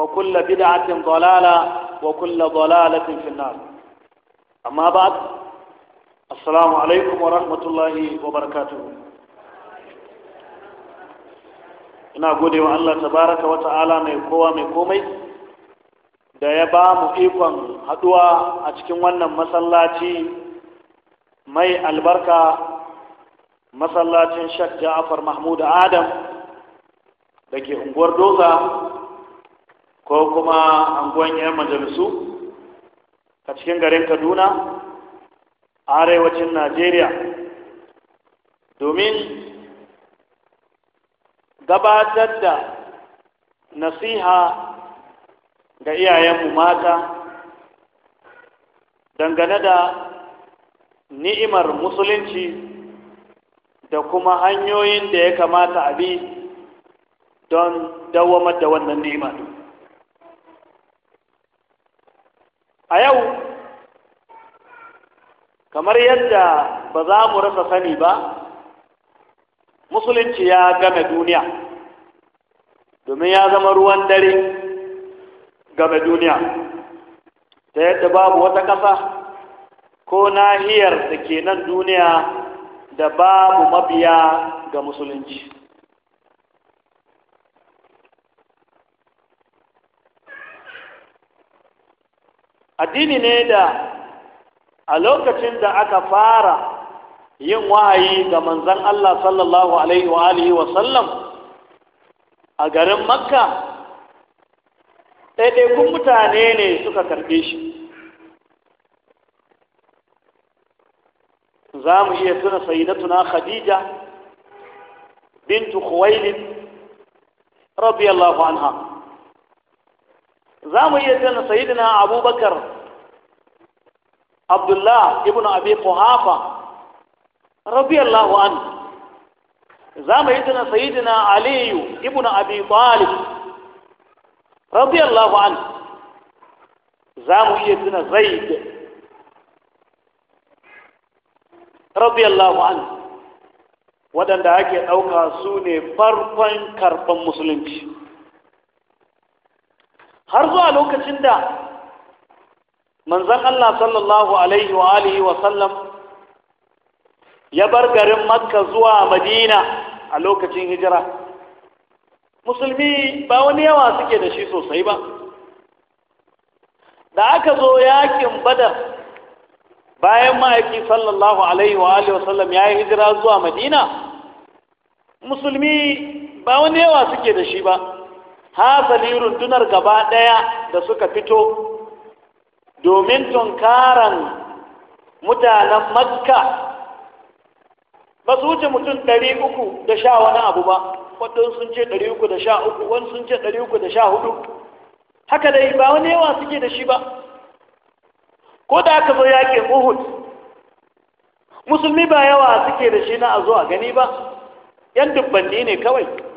وكل بدعة ضلالة وكل ضلالة في النار أما بعد السلام عليكم ورحمة الله وبركاته ina gode wa Allah tabaraka wa ta'ala mai kowa mai komai da ya ba mu ikon haduwa a cikin wannan masallaci mai albarka masallacin shak Ja'far Mahmud Adam da ke unguwar Doza ko kuma anguwan yan majalisu a cikin garin kaduna a arewacin najeriya domin gabatar da nasiha ga iyayenmu mata dangane da ni'imar musulunci da kuma hanyoyin da ya kamata a bi don dawamar da wannan ni'imar a yau kamar yadda ba za mu rasa sani ba musulunci ya game duniya domin ya zama ruwan dare game duniya ta yadda babu wata ƙasa ko nahiyar da ke nan duniya da babu mabiya ga musulunci addini ne da a lokacin da aka fara yin wahayi ga manzan Allah sallallahu alaihi wa wa sallam a garin makka ɗaiɗaikun mutane ne suka karɓe shi za mu iya tuna sayyidatuna khadija bintu khuwailid radiyallahu anha za mu iya tana sayidina abubakar abdullah ibn abi kuhafa radiyallahu an za mu iya tana sayidina aliyu ibn abi talib radiyallahu an za mu iya tana zaid radiyallahu an waɗanda ake ɗauka su ne farkon karɓar musulunci har zuwa lokacin da manzan Allah sallallahu alaihi wa alihi wa sallam ya bar garin makka zuwa madina a lokacin hijira musulmi ba wani yawa suke da shi sosai ba da aka zo yakin badar bayan ma'aiki sallallahu alaihi wa alihi wasallam ya yi hijira zuwa madina musulmi ba wani yawa suke da shi ba hasali rundunar gaba ɗaya da suka fito domin tunkaran mutanen makka ba su wuce mutum ɗari uku da sha wani abu ba waɗansu sun ce ɗari uku da sha uku wani sun ce ɗari uku da sha hudu haka dai ba wani yawa suke da shi ba ko da aka zo yaƙin uhud musulmi ba yawa suke da shi na a zo a gani ba yan dubbanni ne kawai